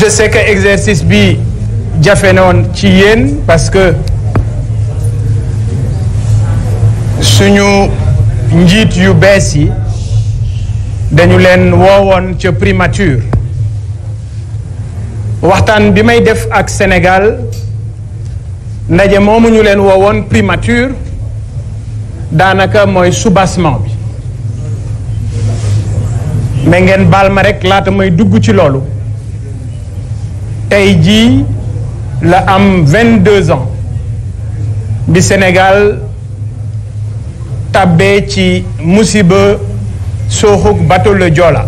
je sais que exercice bi jafe noon ci parce que suñu njit yu bees yi dañu leen woowoon ca primature waxtaan bi may def ak Sénégal ndaje momu ñu len woowoon primature danaka moy soubassement bi mais ngeen baal ma rekk laata may dugg ci loolu tey jii la am 22 ans bi senegaal tàbbee ci musiba sooxuk bateau Joola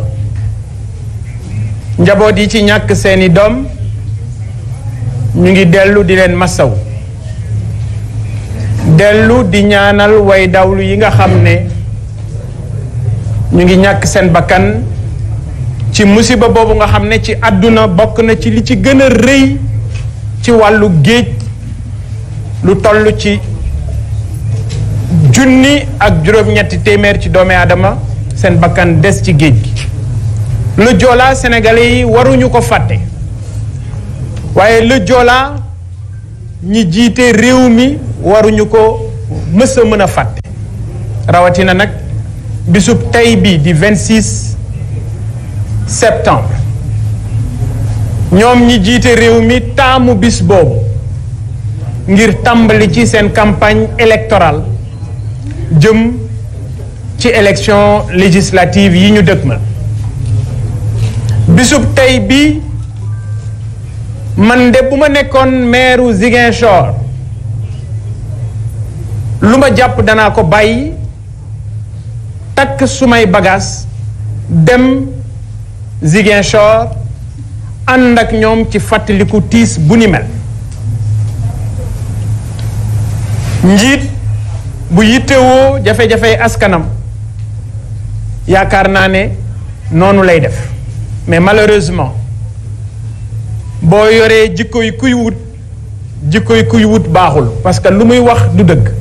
njaboot yi ci ñàkk seeni doom ñu ngi dellu di leen massaw dellu di ñaanal way dawlu yi nga xam ne ñu ngi ñàkk seen bakkan ci musiba boobu nga xam ne ci àdduna bokk na ci li ci gën a rëy ci wàllu géej lu toll ci junni ak juróom-ñetti téeméer ci doomi aadama seen bakkan des ci géej gi le Joola sénégalais yi waruñu ko fàtte waaye le Joola ñi jiite réew mi waruñu ko mës a mën a fàtte rawatina nag bisub tey bi di 26 septembre ñoom ñi jiite réew mi taamu bis boobu ngir tàmbali ci seen campagne électorale jëm ci élection législative yi ñu dëkk ma bisub tey bi man de bu ma nekkoon maire Ziguinchor lu ma jàpp danaa ko bàyyi takk sumay bagaas dem Ziguinchor ànd ak ñoom ci fàttaliku tiis bu ni mel njiit bu yittewoo jafe-jafey askanam yaakaar naa ne noonu lay def mais malheureusement boo yoree jikkoy kuy wut jikkoy kuy wut baaxul parce que lu muy wax du dëgg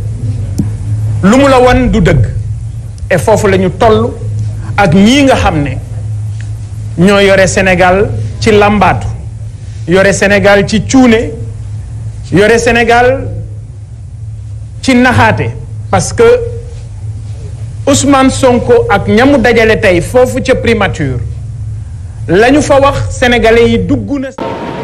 lu mu la wan du dëgg et foofu la ñu toll ak ñii nga xam ne ñoo yore Sénégal ci làmbaatu yore Sénégal ci cuune yore Sénégal ci naxaate parce que Ousmane Sonko ak ñamu dajale tey foofu ca primature lañu ñu fa wax sénégalais yi dugg na.